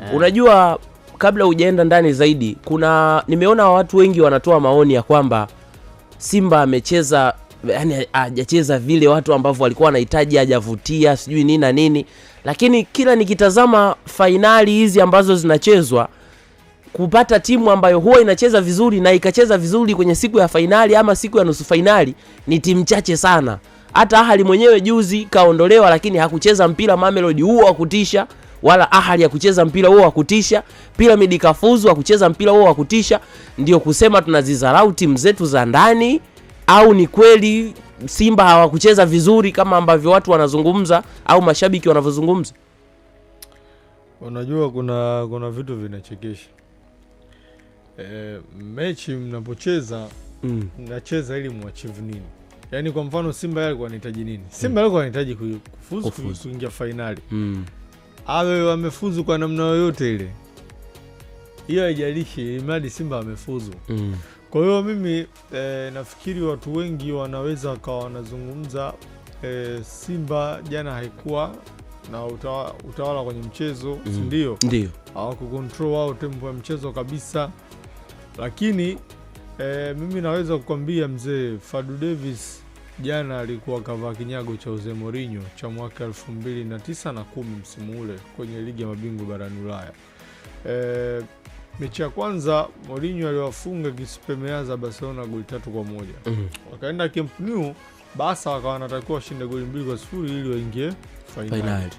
yeah. Unajua, kabla hujaenda ndani zaidi, kuna nimeona watu wengi wanatoa maoni ya kwamba Simba amecheza yani hajacheza vile watu ambavyo walikuwa wanahitaji, hajavutia sijui nini na nini, lakini kila nikitazama fainali hizi ambazo zinachezwa kupata timu ambayo huwa inacheza vizuri na ikacheza vizuri kwenye siku ya fainali ama siku ya nusu fainali ni timu chache sana. Hata Ahali mwenyewe juzi kaondolewa, lakini hakucheza mpira Mamelodi huo wa kutisha wala ahali ya kucheza mpira huo wa kutisha. Piramidi kafuzu wa kucheza mpira huo wa kutisha. Ndio kusema tunazidharau timu zetu za ndani, au ni kweli Simba hawakucheza vizuri kama ambavyo watu wanazungumza au mashabiki wanavyozungumza? Unajua, kuna kuna vitu vinachekesha. E, mechi mnapocheza mm. mnacheza ili muachieve nini? Yaani kwa mfano Simba alikuwa anahitaji nini? Mm. Simba alikuwa anahitaji kufuzu kuingia fainali mm awe wamefuzu kwa namna yoyote ile, hiyo haijalishi, mradi Simba amefuzu mm. Kwa hiyo mimi e, nafikiri watu wengi wanaweza wakawa wanazungumza e, Simba jana haikuwa na utawala, utawala kwenye mchezo mm. Sindio, ndio hawakucontrol wao tempo ya mchezo kabisa, lakini e, mimi naweza kukwambia mzee Fadu Davis Jana alikuwa kavaa kinyago cha Jose Mourinho cha mwaka 2009 na kumi msimu ule kwenye ligi ya mabingwa barani Ulaya. E, mechi ya kwanza Mourinho aliwafunga kisipemea Barcelona goli tatu kwa moja. Mm -hmm. Wakaenda Camp Nou, basa wakawa wanatakiwa washinde goli mbili kwa sifuri ili waingie fainali.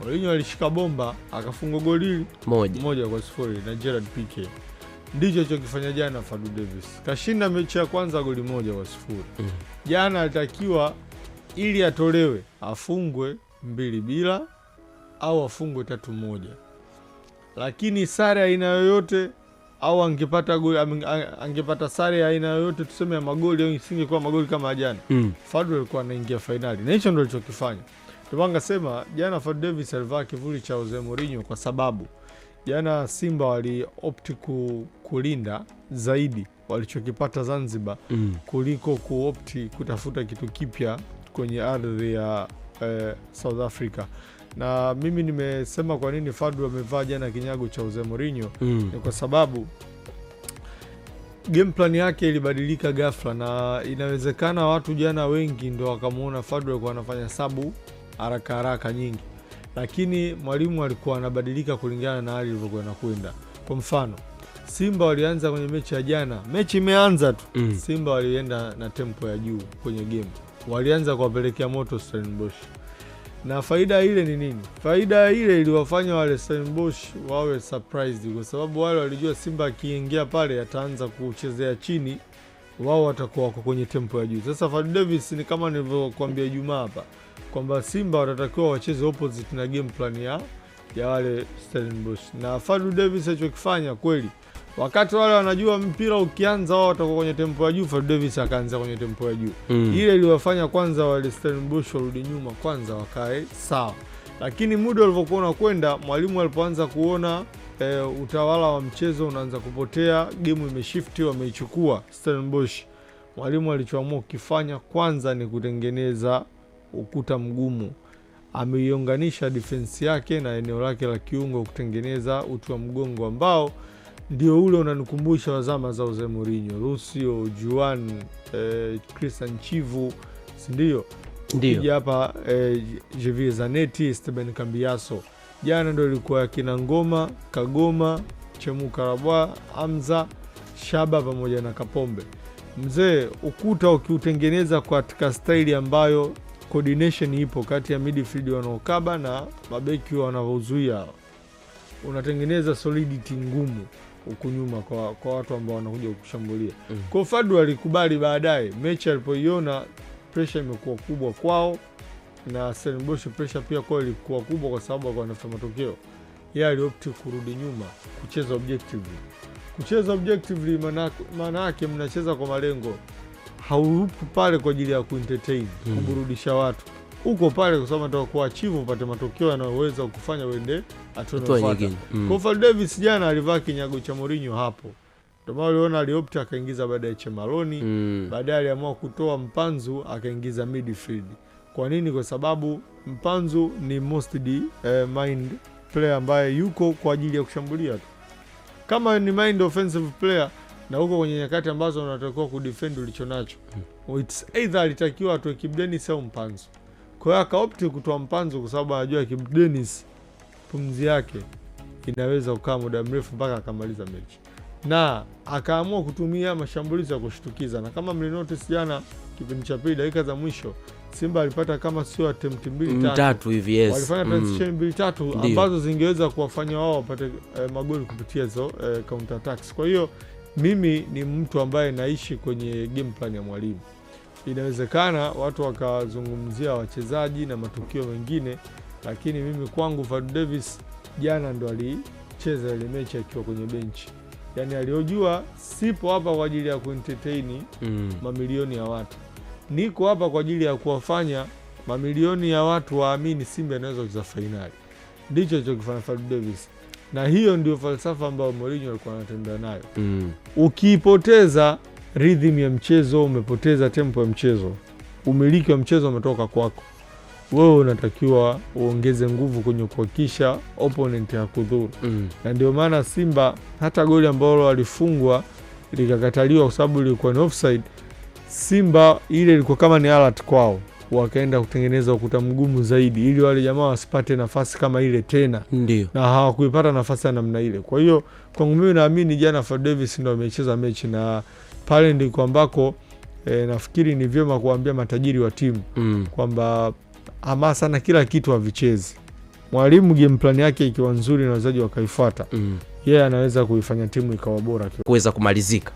Mourinho alishika bomba akafunga goli moja, moja kwa sifuri na Gerard Pique ndicho chokifanya jana Fadu Davis. Kashinda mechi ya kwanza goli moja kwa sifuri. Mm. Jana alitakiwa ili atolewe afungwe mbili bila au afungwe tatu moja, lakini sare aina yoyote au angepata goli, angepata sare ya aina yoyote tuseme ya magoli au isingekuwa magoli kama jana mm. Fadu alikuwa anaingia fainali na hicho ndo alichokifanya. Ndio maana jana Fadu Davis alivaa kivuli cha Jose Mourinho kwa sababu Jana Simba waliopti kulinda zaidi walichokipata Zanzibar mm. kuliko kuopti kutafuta kitu kipya kwenye ardhi ya eh, South Africa na mimi nimesema kwa nini fadu amevaa jana kinyago cha Jose Mourinho mm. ni kwa sababu game plan yake ilibadilika ghafla, na inawezekana watu jana wengi ndo wakamwona fadu alikuwa anafanya sabu haraka haraka nyingi, lakini mwalimu alikuwa anabadilika kulingana na hali ilivyokuwa inakwenda. Kwa mfano Simba walianza kwenye mechi ya jana, mechi imeanza tu mm. Simba walienda na tempo ya juu kwenye game, walianza kuwapelekea moto Stellenbosch na faida ile ni nini? Faida ile iliwafanya wale Stellenbosch wawe surprised, kwa sababu wale walijua Simba akiingia pale ataanza kuchezea chini wao watakuwa wako kwenye tempo ya juu. Sasa Fadu Davis ni kama nilivyokuambia Jumaa hapa kwamba Simba watatakiwa wacheze opposite na game plan ya, ya wale Stellenbosch na Fadu Davis alichokifanya kweli, wakati wale wanajua mpira ukianza wao watakuwa kwenye tempo ya juu. Fadu Davis akaanza kwenye tempo ya juu mm. Ile iliwafanya kwanza wale Stellenbosch warudi nyuma kwanza, wakae sawa, lakini muda ulivyokuwa unakwenda, mwalimu alipoanza kuona e, utawala wa mchezo unaanza kupotea. Gemu imeshifti, wameichukua Stellenbosch. Mwalimu alichoamua kukifanya kwanza ni kutengeneza ukuta mgumu, ameiunganisha defense yake na eneo lake la kiungo kutengeneza uti wa mgongo ambao ndio ule unanikumbusha wazama za Jose Mourinho, Lucio Juan, eh, Christian Chivu, si ndio? Ndio. hapa eh, Javier Zanetti, Steven Cambiaso Jana ndo ilikuwa akina Ngoma, Kagoma, Chemukarabwa, amza Shaba pamoja na Kapombe. Mzee, ukuta ukiutengeneza katika staili ambayo coordination ipo kati ya midfield wanaokaba na mabeki wanaozuia unatengeneza solidity ngumu huku nyuma kwa, kwa watu ambao wanakuja kukushambulia mm. Kwa fadu alikubali baadaye, mechi alipoiona presha imekuwa kubwa kwao na Stellenbosch pressure pia kwao ilikuwa kubwa, kwa sababu alikuwa anatafuta matokeo. Yeye aliopti kurudi nyuma kucheza objectively. Kucheza objectively maana yake mnacheza kwa malengo, haupo pale kwa ajili ya kuentertain mm. kuburudisha watu, uko pale kwa sababu nataka kuachieve upate matokeo yanayoweza kufanya uende hatua nyingine. Mm. Fadlu Davis jana alivaa kinyago cha Mourinho hapo Ndio maana uliona aliopti akaingiza baada ya Chemaloni mm. baadaye aliamua kutoa mpanzu akaingiza midfield. Kwa nini? Kwa sababu Mpanzu ni mostly eh, mind player ambaye yuko kwa ajili ya kushambulia tu. Kama ni mind offensive player na huko kwenye nyakati ambazo unatakiwa kudefend nacho hmm. it's either alitakiwa atoe Kibu Denis au Mpanzu. Kwa hiyo akaopti kutoa Mpanzu kwa sababu anajua Kibu Denis pumzi yake inaweza kukaa muda mrefu mpaka akamaliza mechi, na akaamua kutumia mashambulizi ya kushtukiza. Na kama mlinotice jana, kipindi cha pili, dakika za mwisho Simba alipata kama sio attempt mbili mm, tatu hivi, yes. Walifanya transition mm. mbili tatu mm, ambazo zingeweza kuwafanya wao wapate eh, magoli kupitia hizo eh, counter attacks. Kwa hiyo mimi ni mtu ambaye naishi kwenye game plan ya mwalimu. Inawezekana watu wakazungumzia wachezaji na matukio mengine, lakini mimi kwangu Fadu Davis jana ndo alicheza ile mechi akiwa kwenye benchi, yaani aliojua sipo hapa kwa ajili ya kuentertain mm, mamilioni ya watu niko hapa kwa ajili ya kuwafanya mamilioni ya watu waamini Simba inaweza kucheza fainali. Ndicho alichokifanya Fadlu Davis, na hiyo ndio falsafa ambayo Mourinho alikuwa anatembea nayo mm. Ukiipoteza rhythm ya mchezo, umepoteza tempo ya mchezo, umiliki wa mchezo umetoka kwako wewe, unatakiwa uongeze nguvu kwenye kuhakikisha opponent ya kudhuru mm. na ndio maana Simba hata goli ambalo walifungwa likakataliwa kwa sababu ilikuwa ni offside Simba ile ilikuwa kama ni alert kwao, wakaenda kutengeneza ukuta mgumu zaidi ili wale jamaa wasipate nafasi kama ile tena. Ndiyo. Na hawakuipata nafasi ya namna ile. Kwa hiyo kwangu mimi naamini jana Fadlu Davis ndio amecheza mechi na pale ndiko ambako e, nafikiri ni vyema kuambia matajiri wa timu mm. kwamba hamasa na kila kitu havichezi. Mwalimu game plan yake ikiwa nzuri na wachezaji wakaifuata mm. yeye yeah, anaweza kuifanya timu ikawa bora kuweza kumalizika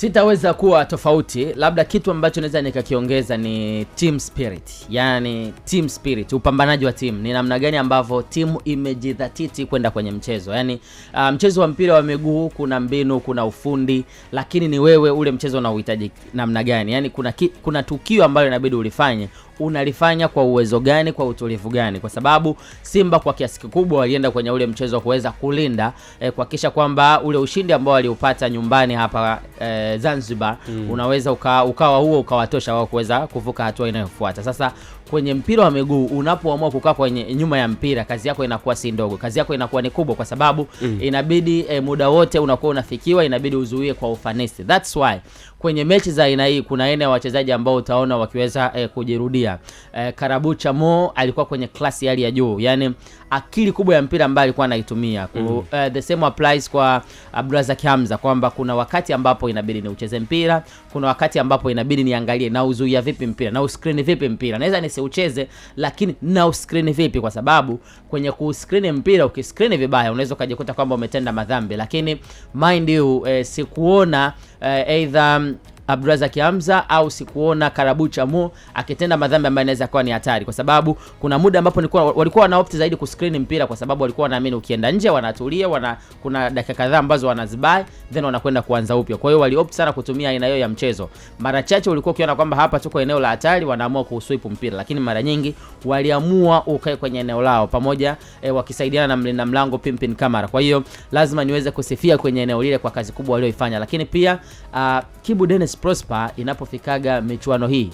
sitaweza kuwa tofauti. Labda kitu ambacho naweza nikakiongeza ni team spirit, yani team spirit, upambanaji wa timu, ni namna gani ambavyo timu imejidhatiti kwenda kwenye mchezo. Yani uh, ah, mchezo wa mpira wa miguu kuna mbinu, kuna ufundi, lakini ni wewe ule mchezo unauhitaji namna gani. Yani kuna, ki, kuna tukio ambalo inabidi ulifanye unalifanya kwa uwezo gani, kwa utulivu gani, kwa sababu Simba kwa kiasi kikubwa walienda kwenye ule mchezo wa kuweza kulinda eh, kuhakikisha kwamba ule ushindi ambao waliupata nyumbani hapa eh, Zanzibar mm. unaweza uka, ukawa huo ukawatosha wao kuweza kuvuka hatua inayofuata sasa kwenye mpira wa miguu unapoamua kukaa kwenye nyuma ya mpira, kazi yako inakuwa si ndogo, kazi yako inakuwa ni kubwa, kwa sababu mm. inabidi e, muda wote unakuwa unafikiwa, inabidi uzuie kwa ufanisi. That's why kwenye mechi za aina hii kuna aina ya wachezaji ambao utaona wakiweza e, kujirudia. E, Karabucha Mo alikuwa kwenye klasi hali ya juu, yani akili kubwa ya mpira ambayo alikuwa anaitumia. mm Uh, the same applies kwa abdurazaki uh, Hamza kwamba kuna wakati ambapo inabidi niucheze mpira, kuna wakati ambapo inabidi niangalie na uzuia vipi mpira na uscreen vipi mpira, naweza nisiucheze, lakini na uscreen vipi, kwa sababu kwenye kuscreen mpira, ukiscreen vibaya unaweza ukajikuta kwamba umetenda madhambi, lakini mind you, eh, sikuona eh, either Abdurazak Hamza au sikuona Karabucha Mo akitenda madhambi ambayo inaweza kuwa ni hatari, kwa sababu kuna muda ambapo nilikuwa walikuwa wanaopt zaidi kuscreen mpira, kwa sababu walikuwa wanaamini ukienda nje wanatulia, wana kuna dakika kadhaa ambazo wanazibai then wanakwenda kuanza upya. Kwa hiyo waliopt sana kutumia aina hiyo ya mchezo. Mara chache ulikuwa ukiona kwamba hapa tuko eneo la hatari, wanaamua kuuswipe mpira, lakini mara nyingi waliamua ukae kwenye eneo lao pamoja, e, wakisaidiana na mlinda mlango Pimpin Kamara. Kwa hiyo lazima niweze kusifia kwenye eneo lile kwa kazi kubwa walioifanya, lakini pia uh, Kibu Dennis Prosper inapofikaga michuano hii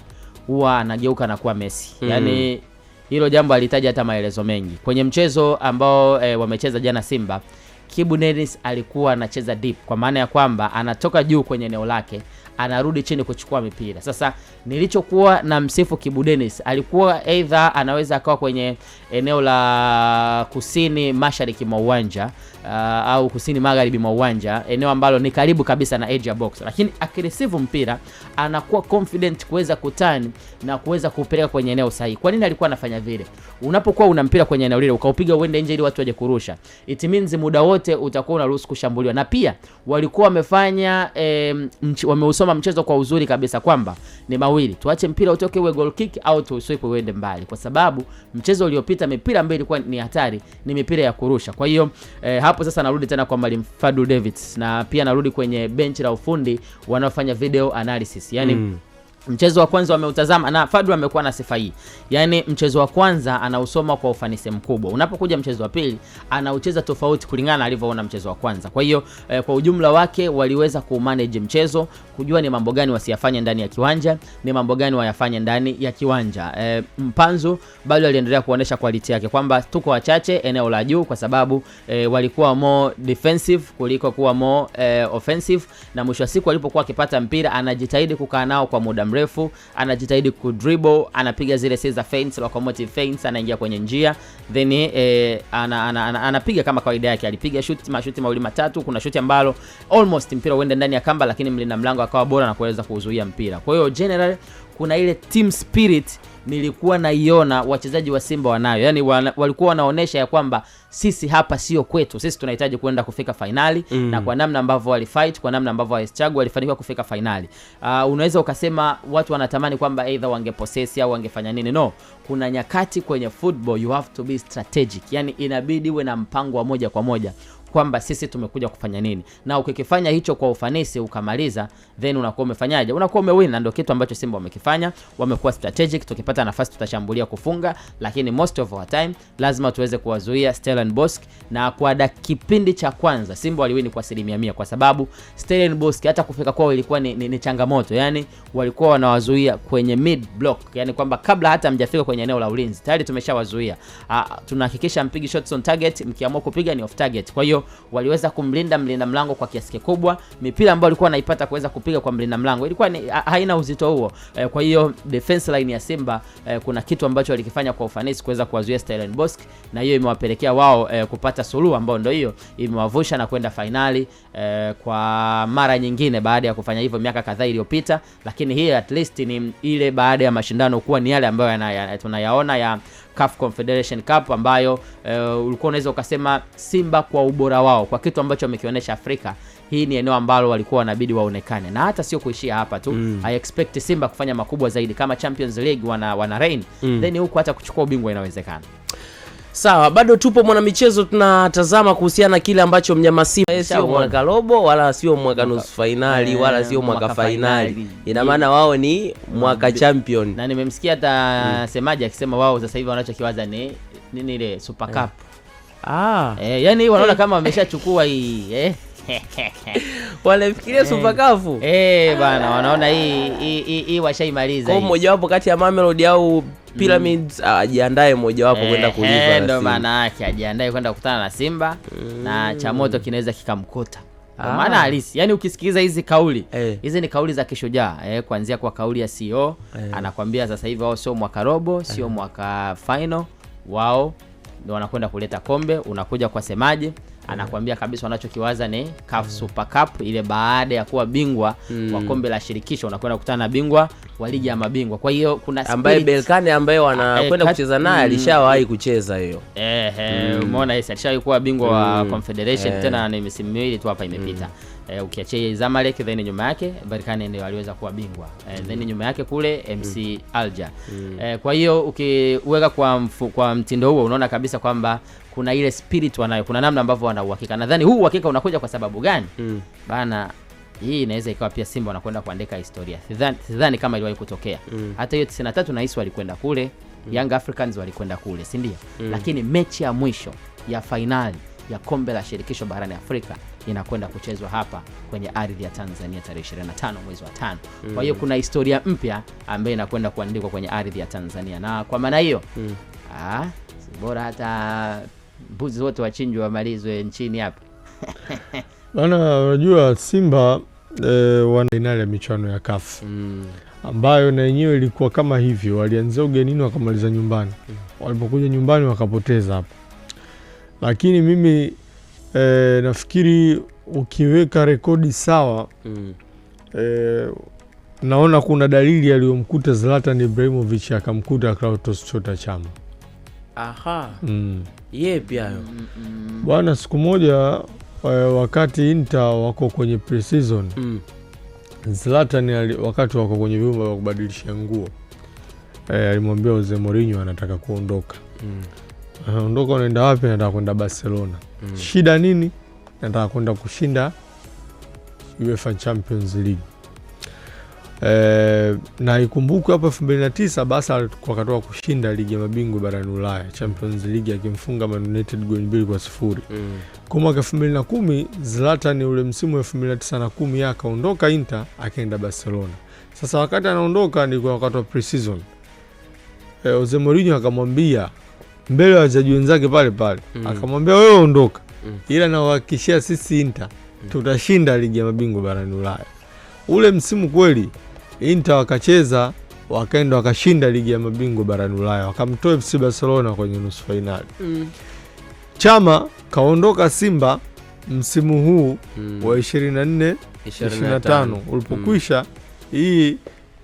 huwa anageuka na kuwa Messi mm. Yaani hilo jambo alitaja hata maelezo mengi kwenye mchezo ambao e, wamecheza jana Simba. Kibu nenis alikuwa anacheza deep kwa maana ya kwamba anatoka juu kwenye eneo lake anarudi chini kuchukua mipira. Sasa nilichokuwa na msifu Kibu Denis alikuwa either anaweza akawa kwenye eneo la kusini mashariki mwa uwanja uh, au kusini magharibi mwa uwanja, eneo ambalo ni karibu kabisa na edge ya box, lakini akireceive mpira anakuwa confident kuweza kutan na kuweza kupeleka kwenye eneo sahihi. Kwa nini alikuwa anafanya vile? Unapokuwa una mpira kwenye eneo lile ukaupiga uende nje ili watu waje kurusha, it means muda wote utakuwa unaruhusu kushambuliwa, na pia walikuwa wamefanya eh, mch wameusoma mchezo kwa uzuri kabisa kwamba ni mawili, tuache mpira utoke uwe goal kick au tuuswipe uende mbali, kwa sababu mchezo uliopita mipira ambayo ilikuwa ni hatari ni mipira ya kurusha. Kwa hiyo eh, hapo hapo sasa narudi tena kwa mwalimu fadu Davids na pia narudi kwenye benchi la ufundi wanaofanya video analysis yani mm. Mchezo wa kwanza wameutazama na Fadlu amekuwa na sifa hii, yaani mchezo wa kwanza anausoma kwa ufanisi mkubwa. Unapokuja mchezo wa pili anaucheza tofauti kulingana na alivyoona mchezo wa kwanza. Kwa hiyo eh, kwa ujumla wake waliweza kumanage mchezo, kujua ni mambo gani wasiyafanye ndani ya kiwanja, ni mambo gani wayafanye ndani ya kiwanja. Eh, Mpanzu bado aliendelea kuonesha quality yake kwamba tuko wachache eneo la juu, kwa sababu eh, walikuwa more defensive kuliko kuwa more eh, offensive, na mwisho wa siku alipokuwa akipata mpira anajitahidi kukaa nao kwa muda mrefu, anajitahidi kudribble, anapiga zile si za locomotive fence, anaingia kwenye njia then eh, ana, ana, ana, anapiga kama kawaida yake. Alipiga shoot mashuti mawili matatu. Kuna shoot ambalo almost mpira uende ndani ya kamba, lakini mlinda mlango akawa bora na kuweza kuzuia mpira. Kwa hiyo general, kuna ile team spirit nilikuwa naiona wachezaji wa Simba wanayo, yaani wana, walikuwa wanaonesha ya kwamba sisi hapa sio kwetu, sisi tunahitaji kuenda kufika fainali mm. na kwa namna ambavyo walifight, kwa namna ambavyo waeschagu walifanikiwa kufika fainali uh, unaweza ukasema watu wanatamani kwamba eidha wangeposesi au wangefanya nini. No, kuna nyakati kwenye football you have to be strategic, yaani inabidi uwe na mpango wa moja kwa moja kwamba sisi tumekuja kufanya nini, na ukikifanya hicho kwa ufanisi ukamaliza, then unakuwa umefanyaje? Unakuwa umewin, na ndio kitu ambacho Simba wamekifanya. Wamekuwa strategic, tukipata nafasi tutashambulia kufunga, lakini most of our time lazima tuweze kuwazuia Stellenbosch, na kwa da kipindi cha kwanza Simba waliwini kwa asilimia mia, kwa sababu Stellenbosch hata kufika kwao ilikuwa ni, ni, ni changamoto, yani walikuwa wanawazuia kwenye mid block, yani kwamba kabla hata mjafika kwenye eneo la ulinzi tayari tumeshawazuia. Ah, tunahakikisha mpigi shots on target, mkiamua kupiga ni off target, kwa hiyo hiyo waliweza kumlinda mlinda mlango kwa kiasi kikubwa. Mipira ambayo alikuwa anaipata kuweza kupiga kwa mlinda mlango ilikuwa ni, haina uzito huo e, kwa hiyo defense line ya Simba e, kuna kitu ambacho walikifanya kwa ufanisi kuweza kuwazuia Stellenbosch, na hiyo imewapelekea wao e, kupata suluhu ambayo ndio hiyo imewavusha na kwenda fainali e, kwa mara nyingine baada ya kufanya hivyo miaka kadhaa iliyopita, lakini hii at least ni ile baada ya mashindano kuwa ni yale ambayo tunayaona ya, ya, ya, ya, ya CAF Confederation Cup ambayo uh, ulikuwa unaweza ukasema Simba kwa ubora wao kwa kitu ambacho wamekionyesha Afrika hii ni eneo ambalo walikuwa wanabidi waonekane, na hata sio kuishia hapa tu mm. I expect Simba kufanya makubwa zaidi kama Champions League wana, wana rain mm. then huku hata kuchukua ubingwa inawezekana. Sawa, bado tupo mwanamichezo, tunatazama kuhusiana na kile ambacho mnyama Simba eh, sio mwaka robo wala sio mwaka nusu fainali wala eh, sio mwaka fainali, ina maana wao ni mwaka mm. champion. Na nimemsikia hata mm. semaji akisema wao sasa hivi wanachokiwaza ni nini ile Super eh. Cup. Ah. Eh, yani wanaona kama wameshachukua hii eh wanafikiria super kafu eh bana, eh, wanaona hii hii hii washaimaliza hii. Kwa mojawapo kati ya Mamelodi au Pyramids ajiandae mm. mojawapo eh, kwenda kulipa. Eh, ndio maana yake ajiandae kwenda kukutana na Simba mm. na cha moto kinaweza kikamkuta kwa ah. maana halisi, yani ukisikiliza hizi kauli eh. hizi, eh, ni kauli za kishujaa eh, kuanzia kwa kauli ya CEO eh, anakwambia sasa hivi wao sio mwaka robo, sio mwaka final, wao ndio wanakwenda kuleta kombe. Unakuja kwa semaji Mm. anakuambia kabisa wanachokiwaza ni CAF mm. Super Cup ile baada ya kuwa bingwa mm. wa kombe la shirikisho unakwenda kukutana na bingwa wa ligi ya mabingwa. Kwa hiyo kuna spirit ambaye Belkane ambaye wanakwenda ah, eh, kucheza naye mm. alishawahi kucheza hiyo. Eh, umeona yes, alishawahi kuwa bingwa wa mm. Confederation eh. tena ni misimu miwili tu hapa imepita. E, ukiachia Zamalek then nyuma yake Berkane ndio aliweza kuwa bingwa e, then nyuma yake kule MC alja mm. E, kwa hiyo ukiweka kwa, kwa mtindo huo unaona kabisa kwamba kuna ile spirit wanayo, kuna namna ambavyo wanauhakika. Nadhani huu uhakika unakuja kwa sababu gani? mm. bana hii inaweza ikawa pia Simba wanakwenda kuandika historia. Sidhani kama iliwahi kutokea mm. hata hiyo 93 nahis walikwenda kule mm. Young Africans walikwenda kule, sindio mm. Lakini mechi ya mwisho ya fainali ya kombe la shirikisho barani Afrika inakwenda kuchezwa hapa kwenye ardhi ya Tanzania tarehe 25 mwezi wa tano. mm. Kwa hiyo kuna historia mpya ambayo inakwenda kuandikwa kwenye ardhi ya Tanzania, na kwa maana hiyo mm. Ah, bora hata mbuzi wote wachinjwe wamalizwe nchini hapa Bana, unajua Simba e, wana fainali ya michuano ya CAF mm. ambayo na yenyewe ilikuwa kama hivyo, walianzia ugenini wakamaliza nyumbani mm. walipokuja nyumbani wakapoteza hapo, lakini mimi e, nafikiri ukiweka rekodi sawa mm. e, naona kuna dalili aliyomkuta Zlatan Ibrahimovic akamkuta Klaus Chota Chama. Aha. Mm. Yeye pia mm, mm, mm. bwana, siku moja Eh, wakati Inter wako kwenye pre-season mm. Zlatan wakati wako kwenye vyumba vya kubadilisha nguo e, alimwambia Jose Mourinho anataka kuondoka mm. Anaondoka, eh, unaenda wapi? Nataka kwenda Barcelona mm. Shida nini? Nataka kwenda kushinda UEFA Champions League E, na ikumbukwe hapo 2009 Basel wakatoka kushinda ligi ya mabingwa barani Ulaya Champions League akimfunga Man United goli mbili kwa sifuri. Mm. Kwa mwaka 2010 Zlatan ule msimu wa 2009 na 10 yeye akaondoka Inter akaenda Barcelona. Sasa wakati anaondoka ni kwa wakati wa pre-season. E, Jose Mourinho akamwambia mbele ya wachezaji wenzake pale pale, mm. akamwambia wewe ondoka. Mm. Ila nawahakikishia sisi Inter mm. tutashinda ligi ya mabingwa barani Ulaya. Ule msimu kweli Inter wakacheza wakaenda wakashinda ligi ya mabingwa barani Ulaya, wakamtoa FC Barcelona kwenye nusu fainali mm. Chama kaondoka Simba msimu huu mm. wa 24 25 ulipokwisha mm. hii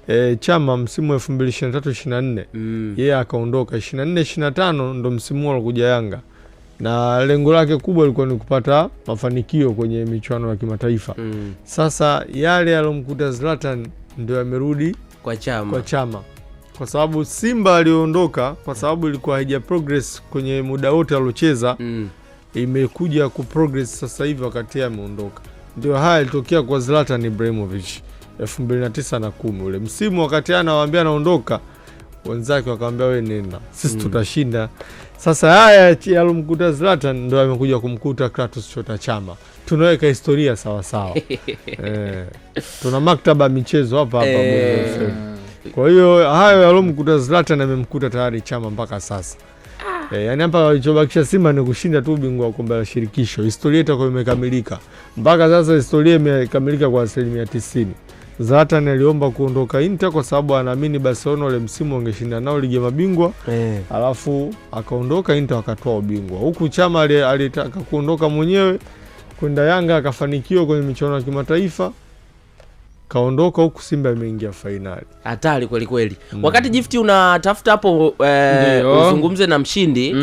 E, Chama msimu wa 2023 24 mm. yeye akaondoka 24 25 ndo msimu alikuja Yanga na lengo lake kubwa ilikuwa ni kupata mafanikio kwenye michuano ya kimataifa mm. Sasa yale alomkuta Zlatan ndio amerudi kwa chama, kwa chama kwa sababu Simba aliondoka kwa sababu ilikuwa haija progress kwenye muda wote aliocheza mm. Imekuja ku progress sasa hivi wakati ameondoka. Ndio haya ilitokea kwa Zlatan Ibrahimovic 2009 na 10 ule msimu, wakati anawaambia anaondoka, wenzake wakamwambia we nenda, sisi mm. tutashinda. Sasa haya yalomkuta Zlatan ndio amekuja kumkuta Kratos Chota Chama tunaweka historia sawasawa. E, eh, tuna maktaba michezo hapa hapa e. Kwa hiyo hayo yalomkuta Zlatan amemkuta tayari Chama mpaka sasa. E, yani hapa walichobakisha Simba ni kushinda tu ubingwa wa kombe la shirikisho. Historia itakuwa imekamilika. Mpaka sasa historia imekamilika kwa asilimia tisini. Zlatan aliomba kuondoka Inter kwa sababu anaamini Barcelona ule msimu wangeshinda nao ligi ya mabingwa eh. Alafu akaondoka Inter akatoa ubingwa, huku Chama alitaka kuondoka mwenyewe kwenda Yanga akafanikiwa kwenye michuano ya kimataifa kaondoka huku Simba imeingia fainali. Hatari kweli kweli. Mm. Wakati jifti unatafuta hapo eh, uzungumze na mshindi mm.